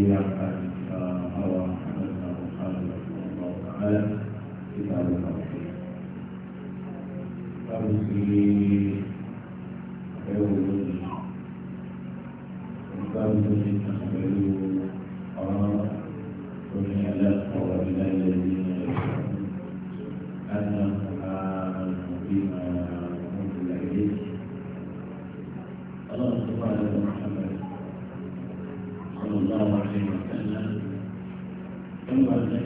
الذي يعمل هوى محمد وقال رحمه الله تعالى كتاب التوحيد فمسلمين يوم وقال مسلمين تقبلوا قرار ومن يعلم قول الله الذين يشركون انهم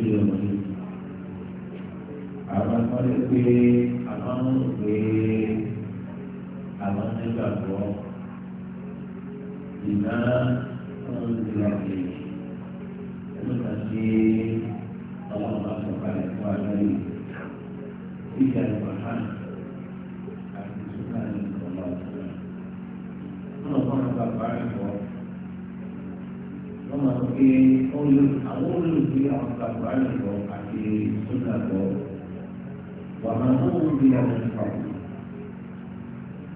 sí ọ̀nà yìí. Àwọn kan lè pé àwọn ń pè é àwọn nígbàgbọ́ ìná wọn ń lè àgbè nígbà tí ọlọ́run bá sọ̀kalẹ̀ fún àgbáyé. Ìjà ìgbà. sọ pé àwọn olùgbé àwọn gbàgbọ́ àlùkò àti sọ́dàgbọ́ wà máa ń wọ́n bí àwọn ìfọ̀.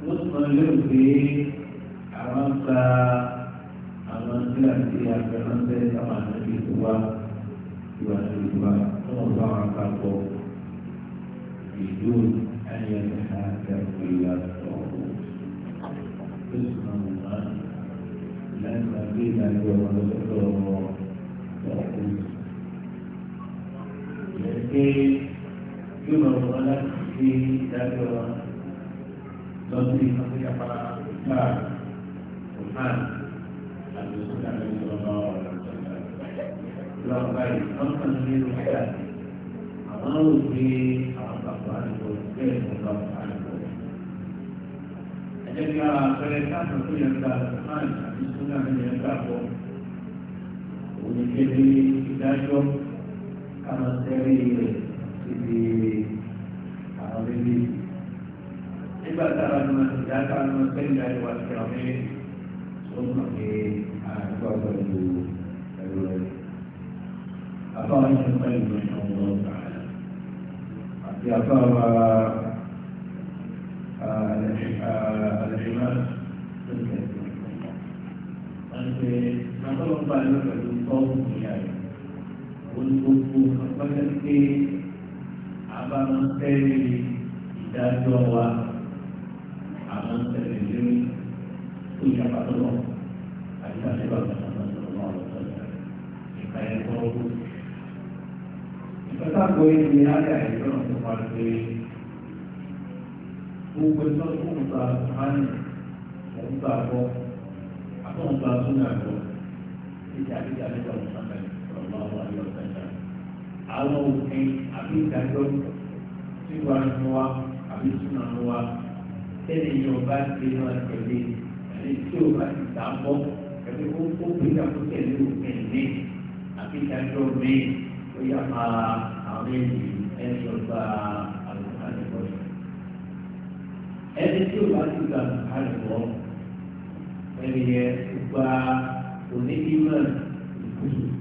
wọ́n sọ lérò pé àwọn gba àwọn tí a ti àgbẹ̀ránṣẹ́ sábà níbi tó wá ìwà ìlú wa tó wọ́n bá wọn gbàgbọ́ ìlú ẹ̀yẹ ìhà kẹ́kọ̀ọ́ ìyá sọ̀rọ̀ lẹ́nu àbí ìlànà ọ̀rọ̀ lọ́sọ̀rọ̀ ọ̀hún. Ìrèké yóò máa wọ́n láti fi dájọ́ lọ́sí ìfọ̀síyàpá náà ọ̀hán àti ìṣúná lórí ọ̀nà ọ̀rọ̀ lọ́wọ́ báyìí wọ́n kàn ní irú ẹ̀dá àwọn ò gbé àwọn bàbá àdìgbò bẹ́ẹ̀ ní bí ara àpẹẹrẹ káàkiri tó yẹ ká àdìgbò máa nígbàgbọ́ oníkéde ìdájọ́ káwọn sẹ́rí rẹ̀ síbi àwọn bébí. nígbà táwọn ọmọ ìyá káwọn ọmọ sẹ́rí ìdájọ́ wa ti àwọn bébí tó mọ̀ pé àgbà pẹ̀lú ẹ̀rọ rẹ̀. àbáwọn ìṣẹ̀lẹ̀ pẹ̀lú ìṣẹ̀lẹ̀ ọ̀gbọ̀n àti àbáwọn. lọ́jọ́ pé abámọ́tẹ́rì ìdájọ́ wa àmọ́tẹ́rì lórí tó yàgbá tó lọ àti àṣẹwà tó lọ sọ̀rọ̀ náà lọ́sọ̀ ìka ẹ̀ kọ́ ọ́. ìfẹ́ta kò yẹ kí ayé àìsàn tó wà pé gbogbo ẹ̀sọ́ tó ń gba àmì òun gbà bọ́ àtọ̀ ń gba súnà ìjà ìjà nípa òun sábẹ̀ ọ̀gbọ́n àwọn àyọ̀ ọ̀sẹ̀ náà àwọn òfin àbí ìdájọ́ tiwa nu wa àbí túnà nu wa tẹ́lẹ̀ yìí ọba ti máa tẹ̀lé ẹni tí o bá ti dà bọ́ ẹni ó kó gbéra kó tẹ̀lé òfin ní àbí ìdájọ́ mi ó yà máa àwọn èyí ẹni ọba àlùkò àlùkò ẹni tí o bá ti gbà àlùkò ẹni yẹ gba onídìí náà ìkúsùn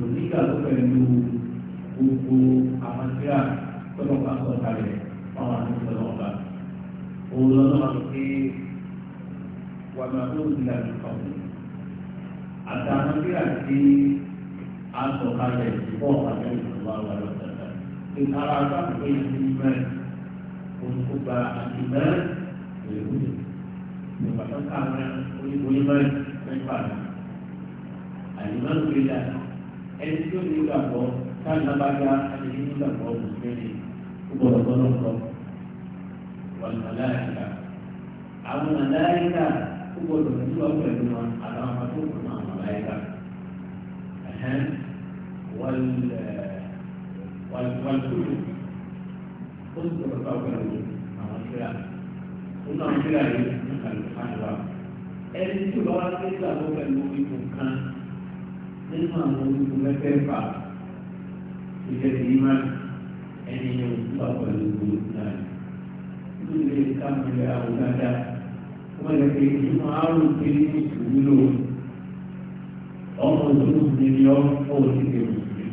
kò nígbà tó pẹ̀lú gbogbo àwọn tíra tọ́lọ́ bá sọ kalẹ̀ fáwọn àti tọ́lọ́ bá. òun lọ́nà wà pé wà máa tó ti là ní kọ̀ọ̀kan. àtàwọn tíra tí a sọ kalẹ̀ pọ̀ àti ìjọba wà lọ́sọ̀tà. ìtara bá pé ìdílé olùkópa àti mẹ́rin lè wúlò. ìgbà tó ká mẹ́rin onímọ̀ mẹ́rin mẹ́fà. àyè máa ń gbé dáadáa. ẹni tí ó ní ìgbàgbọ́ táwọn lábájá ẹni ní ìgbàgbọ́ mùsùlùmí ó gbọdọ̀ gbọdọ̀ gbọ́ wàlúmọ̀láyàká àwọn màláyàká ó gbọdọ̀ níwá pẹ̀lú wọn àtàwọn àpapọ̀ fún àwọn màláyàká wàlúmọ̀láyàkúlù ó sì gbọdọ̀ bá nínú àwọn onígun mẹ́fẹ̀ẹ̀fà ìfẹ́ sí ìmá ẹni yẹn wà pẹ̀lú gbogbo náà nínú ilé káàmìlì àwọn dáadáa wọ́n lè pe nínú àrùn tí ní ìtùwí lò ọmọ òdòdó ní ní ọkọ̀ òdìdè òdìdè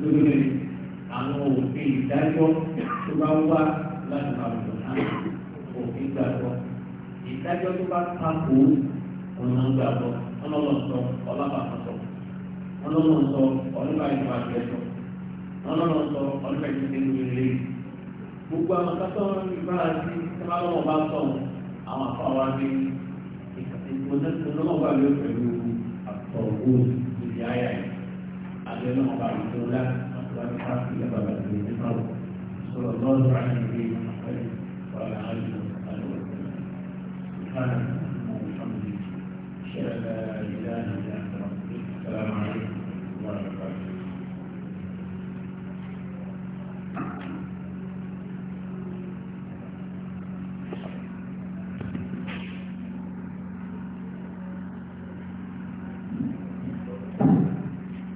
lórí àwọn òfin ìdájọ́ tó bá wá láti máa bọ̀ náà òfin gbàgbọ́ ìdájọ́ tó bá tako ọ̀nà gbàgbọ́ ọlọ́wọ́ sọ ọlọ́pàá sọ ọlọ́mọ sọ ọlọ́mọ ìgbà àtẹ̀sọ ọlọ́mọ sọ ọlọ́mọ ìgbà ìgbìlẹ̀ gbogbo àwọn akásọ̀ ìgbà àti sábàlọ́wọ́ bá sọ àwọn afọ àwọn àti ìgbòsọ́lọ́mọ bá lè pẹ̀lú àtọ̀wò ìdí ayà yìí àti ọlọ́mọ bá lè tó lá àti wá ní káàkiri àbàbà ìgbìlẹ̀ nípa sọ̀rọ̀ lọ́dọ̀